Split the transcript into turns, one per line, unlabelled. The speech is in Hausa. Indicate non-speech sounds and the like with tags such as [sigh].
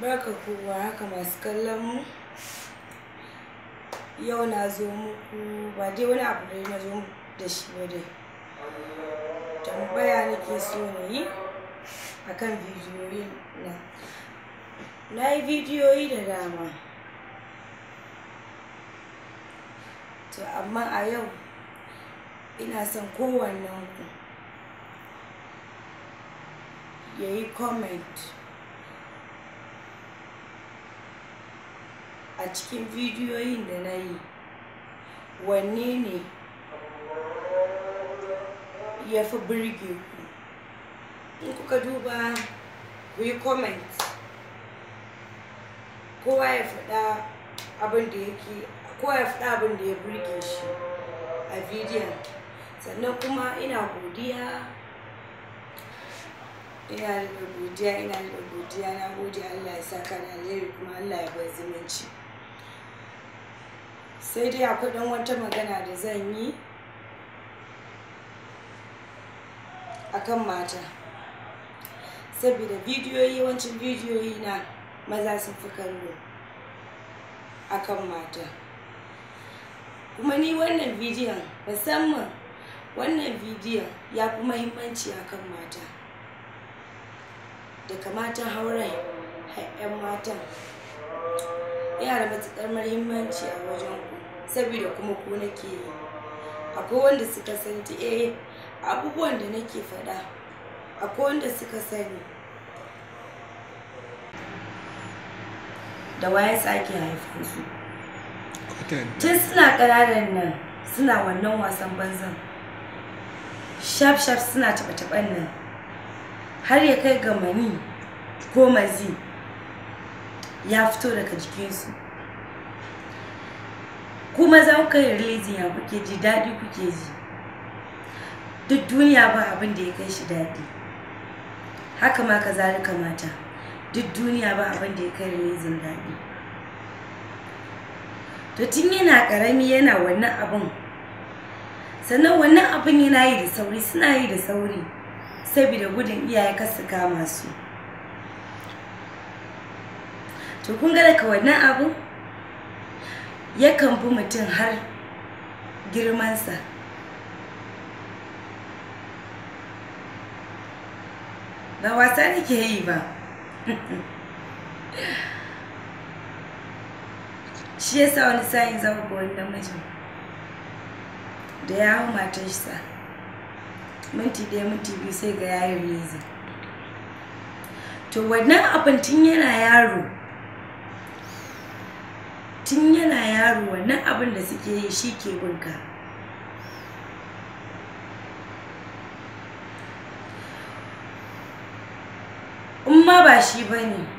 barka kowa haka masu kallon mu yau na zo muku ba dai wani abu dai na zo da shi ba dai tambaya nake so ne yi a kan bidiyoyi na na yi bidiyoyi da dama to amma a yau ina son kowannen ku ya yi comment a cikin bidiyoyin da na yi wanne ne ya fi birge ku in kuka duba ku yi comment kowa ya faɗa abin da ya birge shi a bidiyon sannan kuma ina godiya ina da godiya ina da godiya na gode Allah ya saka na alheri kuma Allah ya bar zumunci sai dai akwai ɗan wata magana da zan yi a kan mata saboda bidiyoyi wancan bidiyoyi na maza sun fi kallo a kan mata kuma ni wannan bidiyon musamman wannan bidiyon ya fi mahimmanci kan mata da kamata hauren 'yan matan yana da matuƙar muhimmanci a wajen ku saboda kuma ku nake yi akwai wanda suka sani eh abubuwan da nake faɗa akwai wanda suka sani da waye sake haifin su tun suna ƙananan nan suna wannan wasan banzan shaf-shaf suna taɓa-taɓan nan har ya kai ga mani ko mazi ya fito daga jikinsu kuma za ku kai rilizin ya kuke ji daɗi kuke ji duk duniya ba abin da ya kai shi daɗi haka ma ka zalika mata duk duniya ba abin da ya kai rilizin daɗi to tun yana ƙarami yana wannan abin sannan wannan abin yana yi da sauri suna yi da sauri saboda gudun iyaye kar su kama su to kun ga daga wannan abu yakan fi mutum har girmansa ba wasa nake yi ba [laughs] shi yasa wani sa'in za ku ga wani namijin da ya hau sa. minti ɗaya minti biyu sai ga yayin rezi to wannan abin tun yana yaro tun yana yaro wannan abin da suke yi shi ke binka in ma ba shi ba ne